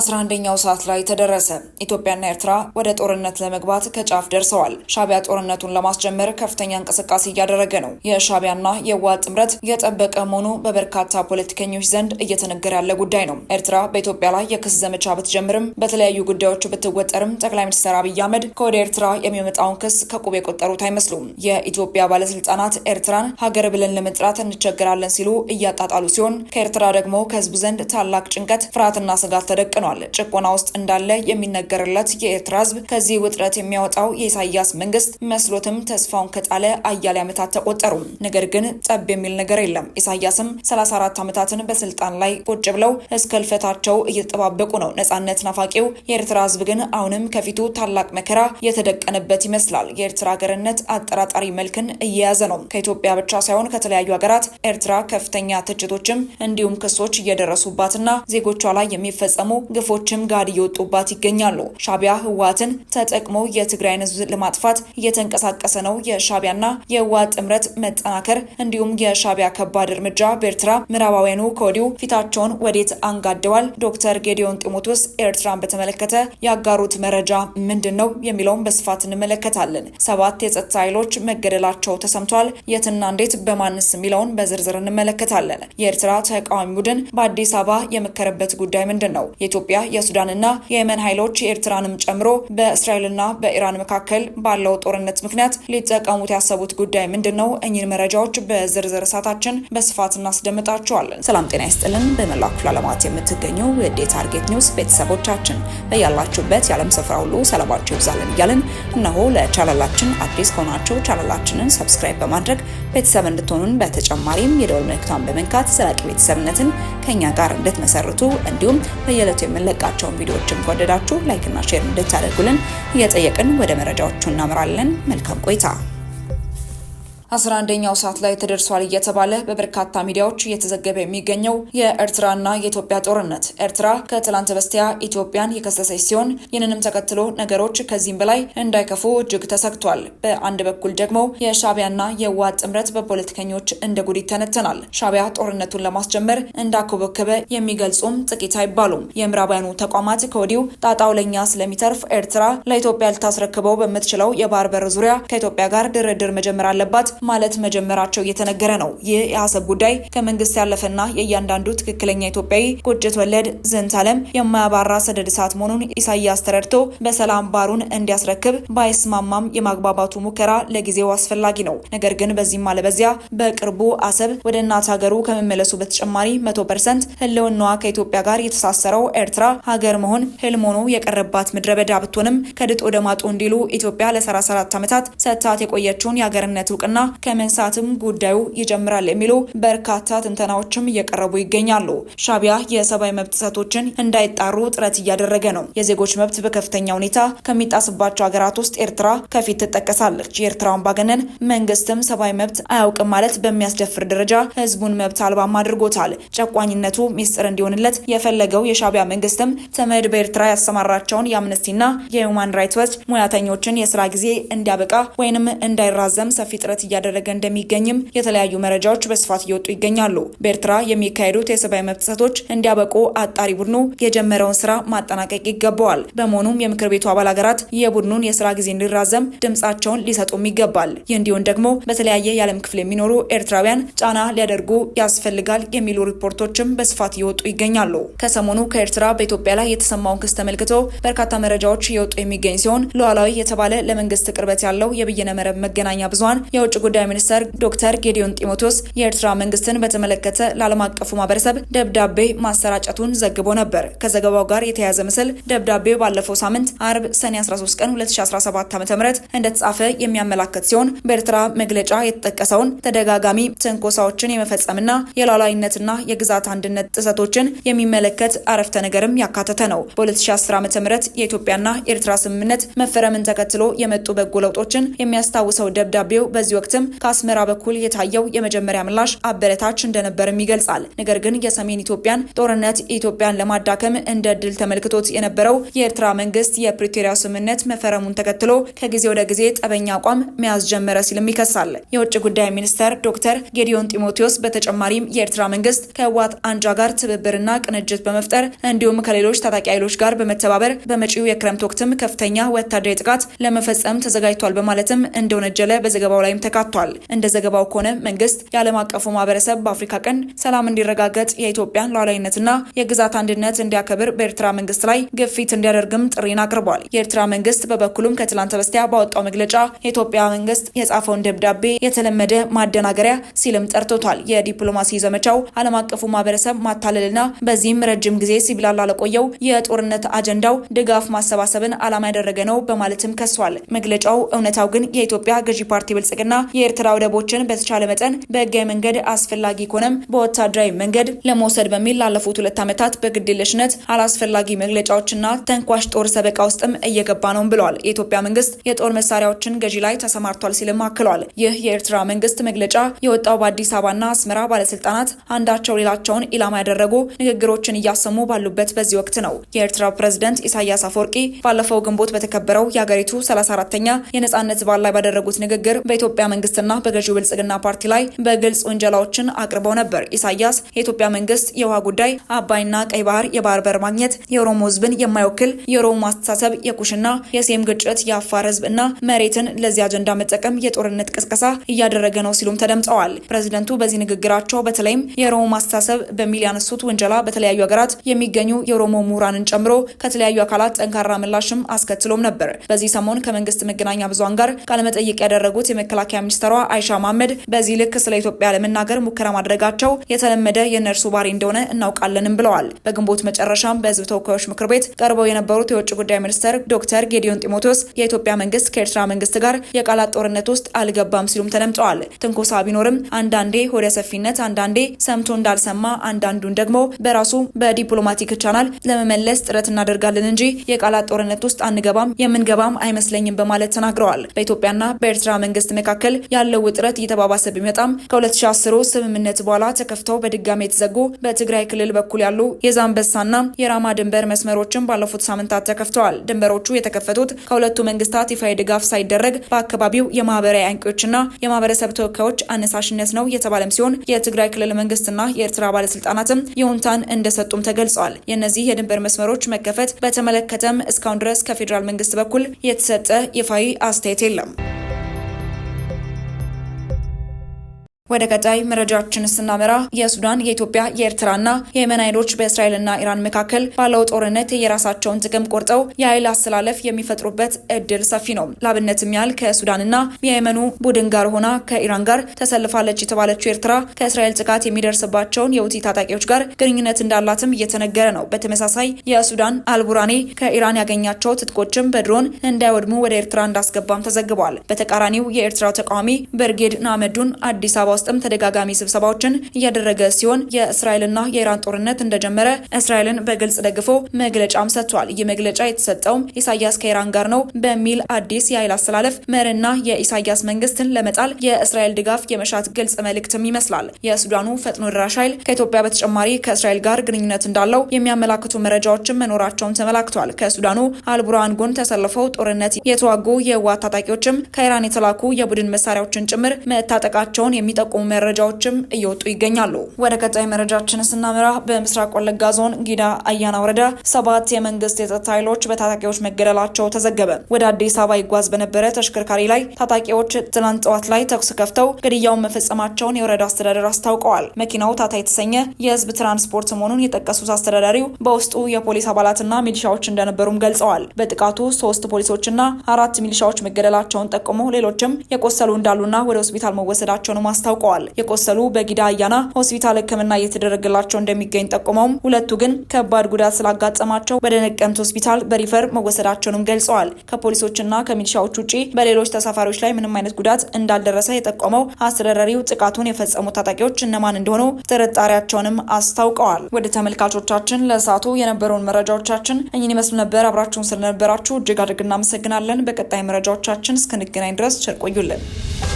11ኛው ሰዓት ላይ ተደረሰ። ኢትዮጵያና ኤርትራ ወደ ጦርነት ለመግባት ከጫፍ ደርሰዋል። ሻቢያ ጦርነቱን ለማስጀመር ከፍተኛ እንቅስቃሴ እያደረገ ነው። የሻቢያና የዋ ጥምረት የጠበቀ መሆኑ በበርካታ ፖለቲከኞች ዘንድ እየተነገረ ያለ ጉዳይ ነው። ኤርትራ በኢትዮጵያ ላይ የክስ ዘመቻ ብትጀምርም በተለያዩ ጉዳዮች ብትወጠርም ጠቅላይ ሚኒስትር አብይ አህመድ ከወደ ኤርትራ የሚመጣውን ክስ ከቁብ የቆጠሩት አይመስሉም። የኢትዮጵያ ባለስልጣናት ኤርትራን ሀገር ብለን ለመጥራት እንቸገራለን ሲሉ እያጣጣሉ ሲሆን ከኤርትራ ደግሞ ከህዝቡ ዘንድ ታላቅ ጭንቀት፣ ፍርሃትና ስጋት ተደቅ ተደቅኗል። ጭቆና ውስጥ እንዳለ የሚነገርለት የኤርትራ ህዝብ ከዚህ ውጥረት የሚያወጣው የኢሳያስ መንግስት መስሎትም ተስፋውን ከጣለ አያሌ ዓመታት ተቆጠሩ። ነገር ግን ጠብ የሚል ነገር የለም። ኢሳያስም 34 ዓመታትን በስልጣን ላይ ቁጭ ብለው እስከ እልፈታቸው እየተጠባበቁ ነው። ነጻነት ናፋቂው የኤርትራ ህዝብ ግን አሁንም ከፊቱ ታላቅ መከራ የተደቀነበት ይመስላል። የኤርትራ ሀገርነት አጠራጣሪ መልክን እየያዘ ነው። ከኢትዮጵያ ብቻ ሳይሆን ከተለያዩ ሀገራት ኤርትራ ከፍተኛ ትችቶችም እንዲሁም ክሶች እየደረሱባትና ዜጎቿ ላይ የሚፈጸሙ ግፎችም ጋር እየወጡባት ይገኛሉ። ሻቢያ ህወሓትን ተጠቅሞ የትግራይን ህዝብ ለማጥፋት እየተንቀሳቀሰ ነው። የሻቢያና የህወሓት ጥምረት መጠናከር እንዲሁም የሻቢያ ከባድ እርምጃ በኤርትራ ምዕራባውያኑ ከወዲሁ ፊታቸውን ወዴት አንጋደዋል? ዶክተር ጌዲዮን ጢሞቴዎስ ኤርትራን በተመለከተ ያጋሩት መረጃ ምንድን ነው የሚለውን በስፋት እንመለከታለን። ሰባት የጸጥታ ኃይሎች መገደላቸው ተሰምቷል። የትና እንዴት በማንስ የሚለውን በዝርዝር እንመለከታለን። የኤርትራ ተቃዋሚ ቡድን በአዲስ አበባ የመከረበት ጉዳይ ምንድን ነው? የኢትዮጵያ የሱዳንና የየመን ኃይሎች የኤርትራንም ጨምሮ በእስራኤልና በኢራን መካከል ባለው ጦርነት ምክንያት ሊጠቀሙት ያሰቡት ጉዳይ ምንድን ነው? እኚህን መረጃዎች በዝርዝር እሳታችን በስፋት እናስደምጣችኋለን። ሰላም ጤና ይስጥልን። በመላ ክፍለ ዓለማት የምትገኙ የዴ ታርጌት ኒውስ ቤተሰቦቻችን በያላችሁበት የዓለም ስፍራ ሁሉ ሰላማችሁ ይብዛልን እያልን እነሆ ለቻናላችን አዲስ ከሆናችሁ ቻናላችንን ሰብስክራይብ በማድረግ ቤተሰብ እንድትሆኑን በተጨማሪም የደወል ምልክቷን በመንካት ዘላቂ ቤተሰብነትን ከእኛ ጋር እንድትመሰርቱ እንዲሁም በየለቱ የምንለቃቸውን ቪዲዮዎችን ከወደዳችሁ ላይክና ሼር እንድታደርጉልን እየጠየቅን ወደ መረጃዎቹ እናምራለን። መልካም ቆይታ 11ኛው ሰዓት ላይ ተደርሷል እየተባለ በበርካታ ሚዲያዎች እየተዘገበ የሚገኘው የኤርትራና የኢትዮጵያ ጦርነት ኤርትራ ከትላንት በስቲያ ኢትዮጵያን የከሰሰች ሲሆን ይህንንም ተከትሎ ነገሮች ከዚህም በላይ እንዳይከፉ እጅግ ተሰግቷል። በአንድ በኩል ደግሞ የሻቢያና የህወሓት ጥምረት በፖለቲከኞች እንደ ጉድ ይተነተናል። ሻቢያ ጦርነቱን ለማስጀመር እንዳኮበከበ የሚገልጹም ጥቂት አይባሉም። የምዕራባውያኑ ተቋማት ከወዲሁ ጣጣው ለኛ ስለሚተርፍ ኤርትራ ለኢትዮጵያ ልታስረክበው በምትችለው የባህር በር ዙሪያ ከኢትዮጵያ ጋር ድርድር መጀመር አለባት ማለት መጀመራቸው እየተነገረ ነው። ይህ የአሰብ ጉዳይ ከመንግስት ያለፈና የእያንዳንዱ ትክክለኛ ኢትዮጵያዊ ጎጀት ወለድ ዘንት አለም የማያባራ ሰደድ እሳት መሆኑን ኢሳያስ ተረድቶ በሰላም ባሩን እንዲያስረክብ ባይስማማም የማግባባቱ ሙከራ ለጊዜው አስፈላጊ ነው። ነገር ግን በዚህም አለበዚያ በቅርቡ አሰብ ወደ እናት ሀገሩ ከመመለሱ በተጨማሪ መቶ ፐርሰንት ህልውናዋ ከኢትዮጵያ ጋር የተሳሰረው ኤርትራ ሀገር መሆን ህልም ሆኖ የቀረባት ምድረ በዳ ብትሆንም ከድጦ ወደ ማጡ እንዲሉ ኢትዮጵያ ለ34 ዓመታት ሰጥታት የቆየችውን የሀገርነት እውቅና ከመንሳትም ጉዳዩ ይጀምራል የሚሉ በርካታ ትንተናዎችም እየቀረቡ ይገኛሉ። ሻቢያ የሰብአዊ መብት ጥሰቶችን እንዳይጣሩ ጥረት እያደረገ ነው። የዜጎች መብት በከፍተኛ ሁኔታ ከሚጣስባቸው ሀገራት ውስጥ ኤርትራ ከፊት ትጠቀሳለች። የኤርትራ አምባገነን መንግስትም ሰብአዊ መብት አያውቅም ማለት በሚያስደፍር ደረጃ ህዝቡን መብት አልባም አድርጎታል። ጨቋኝነቱ ሚስጥር እንዲሆንለት የፈለገው የሻቢያ መንግስትም ተመድ በኤርትራ ያሰማራቸውን የአምነስቲና የሁማን ራይትስ ዋች ሙያተኞችን የስራ ጊዜ እንዲያበቃ ወይንም እንዳይራዘም ሰፊ ጥረት እያደረገ እያደረገ እንደሚገኝም የተለያዩ መረጃዎች በስፋት እየወጡ ይገኛሉ። በኤርትራ የሚካሄዱት የሰብአዊ መብት ጥሰቶች እንዲያበቁ አጣሪ ቡድኑ የጀመረውን ስራ ማጠናቀቅ ይገባዋል። በመሆኑም የምክር ቤቱ አባል ሀገራት የቡድኑን የስራ ጊዜ እንዲራዘም ድምጻቸውን ሊሰጡም ይገባል። ይህ ደግሞ በተለያየ የዓለም ክፍል የሚኖሩ ኤርትራውያን ጫና ሊያደርጉ ያስፈልጋል የሚሉ ሪፖርቶችም በስፋት እየወጡ ይገኛሉ። ከሰሞኑ ከኤርትራ በኢትዮጵያ ላይ የተሰማውን ክስ ተመልክቶ በርካታ መረጃዎች እየወጡ የሚገኝ ሲሆን ሉዓላዊ የተባለ ለመንግስት ቅርበት ያለው የበይነ መረብ መገናኛ ብዙኃን የውጭ ጉዳይ ሚኒስተር ዶክተር ጌዲዮን ጢሞቴዎስ የኤርትራ መንግስትን በተመለከተ ለዓለም አቀፉ ማህበረሰብ ደብዳቤ ማሰራጨቱን ዘግቦ ነበር። ከዘገባው ጋር የተያያዘ ምስል ደብዳቤው ባለፈው ሳምንት አርብ ሰኔ 13 ቀን 2017 ዓ.ም እንደተጻፈ የሚያመላክት ሲሆን በኤርትራ መግለጫ የተጠቀሰውን ተደጋጋሚ ትንኮሳዎችን የመፈጸምና የሉዓላዊነትና የግዛት አንድነት ጥሰቶችን የሚመለከት አረፍተ ነገርም ያካተተ ነው። በ2010 ዓ ም የኢትዮጵያና ኤርትራ ስምምነት መፈረምን ተከትሎ የመጡ በጎ ለውጦችን የሚያስታውሰው ደብዳቤው በዚህ ወቅት ወቅትም ከአስመራ በኩል የታየው የመጀመሪያ ምላሽ አበረታች እንደነበርም ይገልጻል። ነገር ግን የሰሜን ኢትዮጵያን ጦርነት ኢትዮጵያን ለማዳከም እንደ ድል ተመልክቶት የነበረው የኤርትራ መንግስት የፕሪቶሪያ ስምምነት መፈረሙን ተከትሎ ከጊዜ ወደ ጊዜ ጠበኛ አቋም መያዝ ጀመረ ሲልም ይከሳል። የውጭ ጉዳይ ሚኒስተር ዶክተር ጌዲዮን ጢሞቴዎስ በተጨማሪም የኤርትራ መንግስት ከህወሓት አንጃ ጋር ትብብርና ቅንጅት በመፍጠር እንዲሁም ከሌሎች ታጣቂ ኃይሎች ጋር በመተባበር በመጪው የክረምት ወቅትም ከፍተኛ ወታደራዊ ጥቃት ለመፈጸም ተዘጋጅቷል በማለትም እንደወነጀለ በዘገባው ላይም ተካ ተካቷል። እንደ ዘገባው ከሆነ መንግስት የዓለም አቀፉ ማህበረሰብ በአፍሪካ ቀንድ ሰላም እንዲረጋገጥ የኢትዮጵያን ሉዓላዊነትና የግዛት አንድነት እንዲያከብር በኤርትራ መንግስት ላይ ግፊት እንዲያደርግም ጥሪን አቅርቧል። የኤርትራ መንግስት በበኩሉም ከትላንት በስቲያ ባወጣው መግለጫ የኢትዮጵያ መንግስት የጻፈውን ደብዳቤ የተለመደ ማደናገሪያ ሲልም ጠርቶቷል። የዲፕሎማሲ ዘመቻው ዓለም አቀፉ ማህበረሰብ ማታለልና በዚህም ረጅም ጊዜ ሲቢላ ላለቆየው የጦርነት አጀንዳው ድጋፍ ማሰባሰብን ዓላማ ያደረገ ነው በማለትም ከሷል። መግለጫው እውነታው ግን የኢትዮጵያ ገዢ ፓርቲ ብልጽግና የኤርትራ ወደቦችን በተቻለ መጠን በህጋዊ መንገድ አስፈላጊ ከሆነም በወታደራዊ መንገድ ለመውሰድ በሚል ላለፉት ሁለት ዓመታት በግድለሽነት አላስፈላጊ መግለጫዎችና ተንኳሽ ጦር ሰበቃ ውስጥም እየገባ ነው ብለዋል። የኢትዮጵያ መንግስት የጦር መሳሪያዎችን ገዢ ላይ ተሰማርቷል ሲልም አክለዋል። ይህ የኤርትራ መንግስት መግለጫ የወጣው በአዲስ አበባና አስመራ ባለስልጣናት አንዳቸው ሌላቸውን ኢላማ ያደረጉ ንግግሮችን እያሰሙ ባሉበት በዚህ ወቅት ነው። የኤርትራው ፕሬዝደንት ኢሳያስ አፈወርቂ ባለፈው ግንቦት በተከበረው የአገሪቱ 34ተኛ የነጻነት በዓል ላይ ባደረጉት ንግግር በኢትዮጵያ መንግስትና በገዢው ብልጽግና ፓርቲ ላይ በግልጽ ውንጀላዎችን አቅርበው ነበር። ኢሳያስ የኢትዮጵያ መንግስት የውሃ ጉዳይ፣ አባይና ቀይ ባህር፣ የባህር በር ማግኘት፣ የኦሮሞ ህዝብን የማይወክል የኦሮሞ ማስተሳሰብ፣ የኩሽና የሴም ግጭት፣ የአፋር ህዝብ እና መሬትን ለዚህ አጀንዳ መጠቀም የጦርነት ቅስቀሳ እያደረገ ነው ሲሉም ተደምጠዋል። ፕሬዚደንቱ በዚህ ንግግራቸው በተለይም የኦሮሞ ማስተሳሰብ በሚል ያነሱት ውንጀላ በተለያዩ ሀገራት የሚገኙ የኦሮሞ ምሁራንን ጨምሮ ከተለያዩ አካላት ጠንካራ ምላሽም አስከትሎም ነበር። በዚህ ሰሞን ከመንግስት መገናኛ ብዙሃን ጋር ቃለመጠይቅ ያደረጉት የመከላከያ ሚኒስትሯ አይሻ መሐመድ በዚህ ልክ ስለ ኢትዮጵያ ለመናገር ሙከራ ማድረጋቸው የተለመደ የእነርሱ ባህሪ እንደሆነ እናውቃለንም ብለዋል። በግንቦት መጨረሻም በህዝብ ተወካዮች ምክር ቤት ቀርበው የነበሩት የውጭ ጉዳይ ሚኒስትር ዶክተር ጌዲዮን ጢሞቴዎስ የኢትዮጵያ መንግስት ከኤርትራ መንግስት ጋር የቃላት ጦርነት ውስጥ አልገባም ሲሉም ተደምጠዋል። ትንኮሳ ቢኖርም አንዳንዴ ወደ ሰፊነት፣ አንዳንዴ ሰምቶ እንዳልሰማ፣ አንዳንዱን ደግሞ በራሱ በዲፕሎማቲክ ቻናል ለመመለስ ጥረት እናደርጋለን እንጂ የቃላት ጦርነት ውስጥ አንገባም፣ የምንገባም አይመስለኝም በማለት ተናግረዋል። በኢትዮጵያና በኤርትራ መንግስት መካከል ያለው ውጥረት እየተባባሰ ቢመጣም ከ2010 ስምምነት በኋላ ተከፍተው በድጋሚ የተዘጉ በትግራይ ክልል በኩል ያሉ የዛንበሳና የራማ ድንበር መስመሮችን ባለፉት ሳምንታት ተከፍተዋል። ድንበሮቹ የተከፈቱት ከሁለቱ መንግስታት ይፋዊ ድጋፍ ሳይደረግ በአካባቢው የማህበራዊ አንቂዎችና የማህበረሰብ ተወካዮች አነሳሽነት ነው የተባለም ሲሆን የትግራይ ክልል መንግስትና የኤርትራ ባለስልጣናትም ይሁንታን እንደሰጡም ተገልጿል። የእነዚህ የድንበር መስመሮች መከፈት በተመለከተም እስካሁን ድረስ ከፌዴራል መንግስት በኩል የተሰጠ ይፋዊ አስተያየት የለም። ወደ ቀጣይ መረጃችን ስናመራ የሱዳን የኢትዮጵያ የኤርትራና የየመን ኃይሎች በእስራኤልና ኢራን መካከል ባለው ጦርነት የራሳቸውን ጥቅም ቆርጠው የኃይል አስተላለፍ የሚፈጥሩበት እድል ሰፊ ነው። ላብነትም ያህል ከሱዳንና የየመኑ ቡድን ጋር ሆና ከኢራን ጋር ተሰልፋለች የተባለችው ኤርትራ ከእስራኤል ጥቃት የሚደርስባቸውን የሁቲ ታጣቂዎች ጋር ግንኙነት እንዳላትም እየተነገረ ነው። በተመሳሳይ የሱዳን አልቡራኔ ከኢራን ያገኛቸው ትጥቆችም በድሮን እንዳይወድሙ ወደ ኤርትራ እንዳስገባም ተዘግቧል። በተቃራኒው የኤርትራው ተቃዋሚ ብርጌድ ናመዱን አዲስ አበባ ውስጥም ተደጋጋሚ ስብሰባዎችን እያደረገ ሲሆን የእስራኤልና የኢራን ጦርነት እንደጀመረ እስራኤልን በግልጽ ደግፎ መግለጫም ሰጥቷል። ይህ መግለጫ የተሰጠውም ኢሳያስ ከኢራን ጋር ነው በሚል አዲስ የኃይል አስተላለፍ መርና የኢሳያስ መንግስትን ለመጣል የእስራኤል ድጋፍ የመሻት ግልጽ መልእክትም ይመስላል። የሱዳኑ ፈጥኖ ደራሽ ኃይል ከኢትዮጵያ በተጨማሪ ከእስራኤል ጋር ግንኙነት እንዳለው የሚያመላክቱ መረጃዎችን መኖራቸውን ተመላክቷል። ከሱዳኑ አልቡርሃን ጎን ተሰልፈው ጦርነት የተዋጉ የህወሓት ታጣቂዎችም ከኢራን የተላኩ የቡድን መሳሪያዎችን ጭምር መታጠቃቸውን የሚጠቁ የሚጠቁሙ መረጃዎችም እየወጡ ይገኛሉ። ወደ ቀጣይ መረጃችን ስናመራ በምስራቅ ወለጋ ዞን ጊዳ አያና ወረዳ ሰባት የመንግስት የጸጥታ ኃይሎች በታጣቂዎች መገደላቸው ተዘገበ። ወደ አዲስ አበባ ይጓዝ በነበረ ተሽከርካሪ ላይ ታጣቂዎች ትናንት ጠዋት ላይ ተኩስ ከፍተው ግድያውን መፈጸማቸውን የወረዳ አስተዳደር አስታውቀዋል። መኪናው ታታ የተሰኘ የህዝብ ትራንስፖርት መሆኑን የጠቀሱት አስተዳዳሪው በውስጡ የፖሊስ አባላትና ሚሊሻዎች እንደነበሩም ገልጸዋል። በጥቃቱ ሶስት ፖሊሶችና አራት ሚሊሻዎች መገደላቸውን ጠቁሞ ሌሎችም የቆሰሉ እንዳሉና ወደ ሆስፒታል መወሰዳቸውንም አስታውቀዋል። አስታውቀዋል። የቆሰሉ በጊዳ አያና ሆስፒታል ሕክምና እየተደረገላቸው እንደሚገኝ ጠቁመውም ሁለቱ ግን ከባድ ጉዳት ስላጋጠማቸው ወደ ነቀምት ሆስፒታል በሪፈር መወሰዳቸውንም ገልጸዋል። ከፖሊሶችና ከሚሊሻዎች ውጪ በሌሎች ተሳፋሪዎች ላይ ምንም አይነት ጉዳት እንዳልደረሰ የጠቆመው አስተዳዳሪው ጥቃቱን የፈጸሙ ታጣቂዎች እነማን እንደሆኑ ጥርጣሬያቸውንም አስታውቀዋል። ወደ ተመልካቾቻችን ለእሳቱ የነበረውን መረጃዎቻችን እኚህን ይመስሉ ነበር። አብራችሁን ስለነበራችሁ እጅግ አድርግ እናመሰግናለን። በቀጣይ መረጃዎቻችን እስክንገናኝ ድረስ ቸር ቆዩልን።